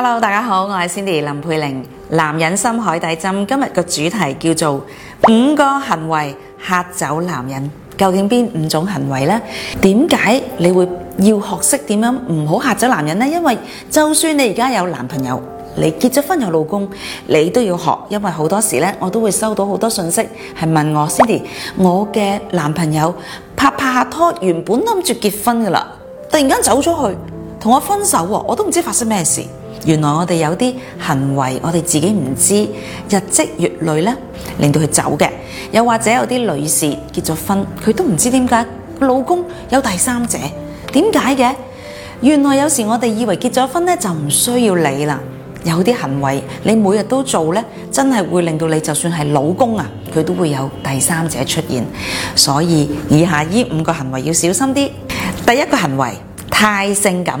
Hello，大家好，我係 Cindy 林佩玲。男人心海底針，今日個主題叫做五個行為嚇走男人，究竟邊五種行為呢？點解你會要學識點樣唔好嚇走男人呢？因為就算你而家有男朋友，你結咗婚有老公，你都要學，因為好多時咧，我都會收到好多信息係問我 Cindy，我嘅男朋友拍拍拖，原本諗住結婚噶啦，突然間走咗去同我分手啊，我都唔知發生咩事。原來我哋有啲行為，我哋自己唔知，日積月累咧，令到佢走嘅。又或者有啲女士結咗婚，佢都唔知點解老公有第三者，點解嘅？原來有時我哋以為結咗婚咧就唔需要理啦。有啲行為你每日都做咧，真係會令到你就算係老公啊，佢都會有第三者出現。所以以下呢五個行為要小心啲。第一個行為太性感。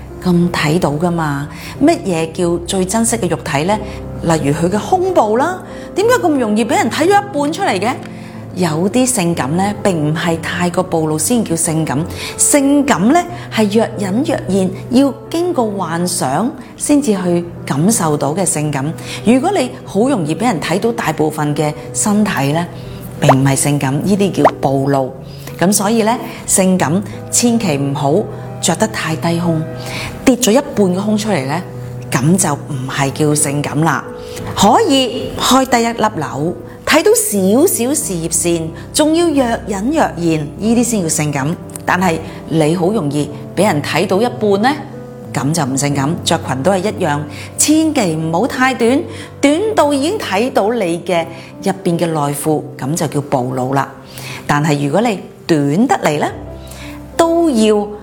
咁睇到噶嘛？乜嘢叫最珍惜嘅肉體呢？例如佢嘅胸部啦，點解咁容易俾人睇咗一半出嚟嘅？有啲性感呢，並唔係太過暴露先叫性感。性感呢，係若隱若現，要經過幻想先至去感受到嘅性感。如果你好容易俾人睇到大部分嘅身體呢，並唔係性感，呢啲叫暴露。咁所以呢，性感千祈唔好。著得太低胸，跌咗一半嘅胸出嚟呢，咁就唔係叫性感啦。可以開第一粒紐，睇到少少事業線，仲要若隱若現，呢啲先叫性感。但係你好容易俾人睇到一半呢，咁就唔性感。著裙都係一樣，千祈唔好太短，短到已經睇到你嘅入邊嘅內褲，咁就叫暴露啦。但係如果你短得嚟呢，都要。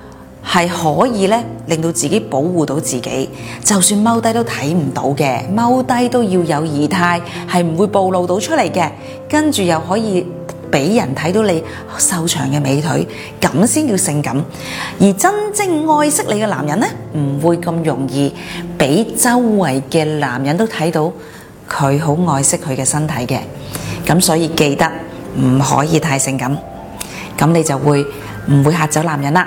係可以呢，令到自己保護到自己，就算踎低都睇唔到嘅，踎低都要有儀態，係唔會暴露到出嚟嘅。跟住又可以俾人睇到你瘦長嘅美腿，咁先叫性感。而真正愛惜你嘅男人呢，唔會咁容易俾周圍嘅男人都睇到佢好愛惜佢嘅身體嘅。咁所以記得唔可以太性感，咁你就會唔會嚇走男人啦。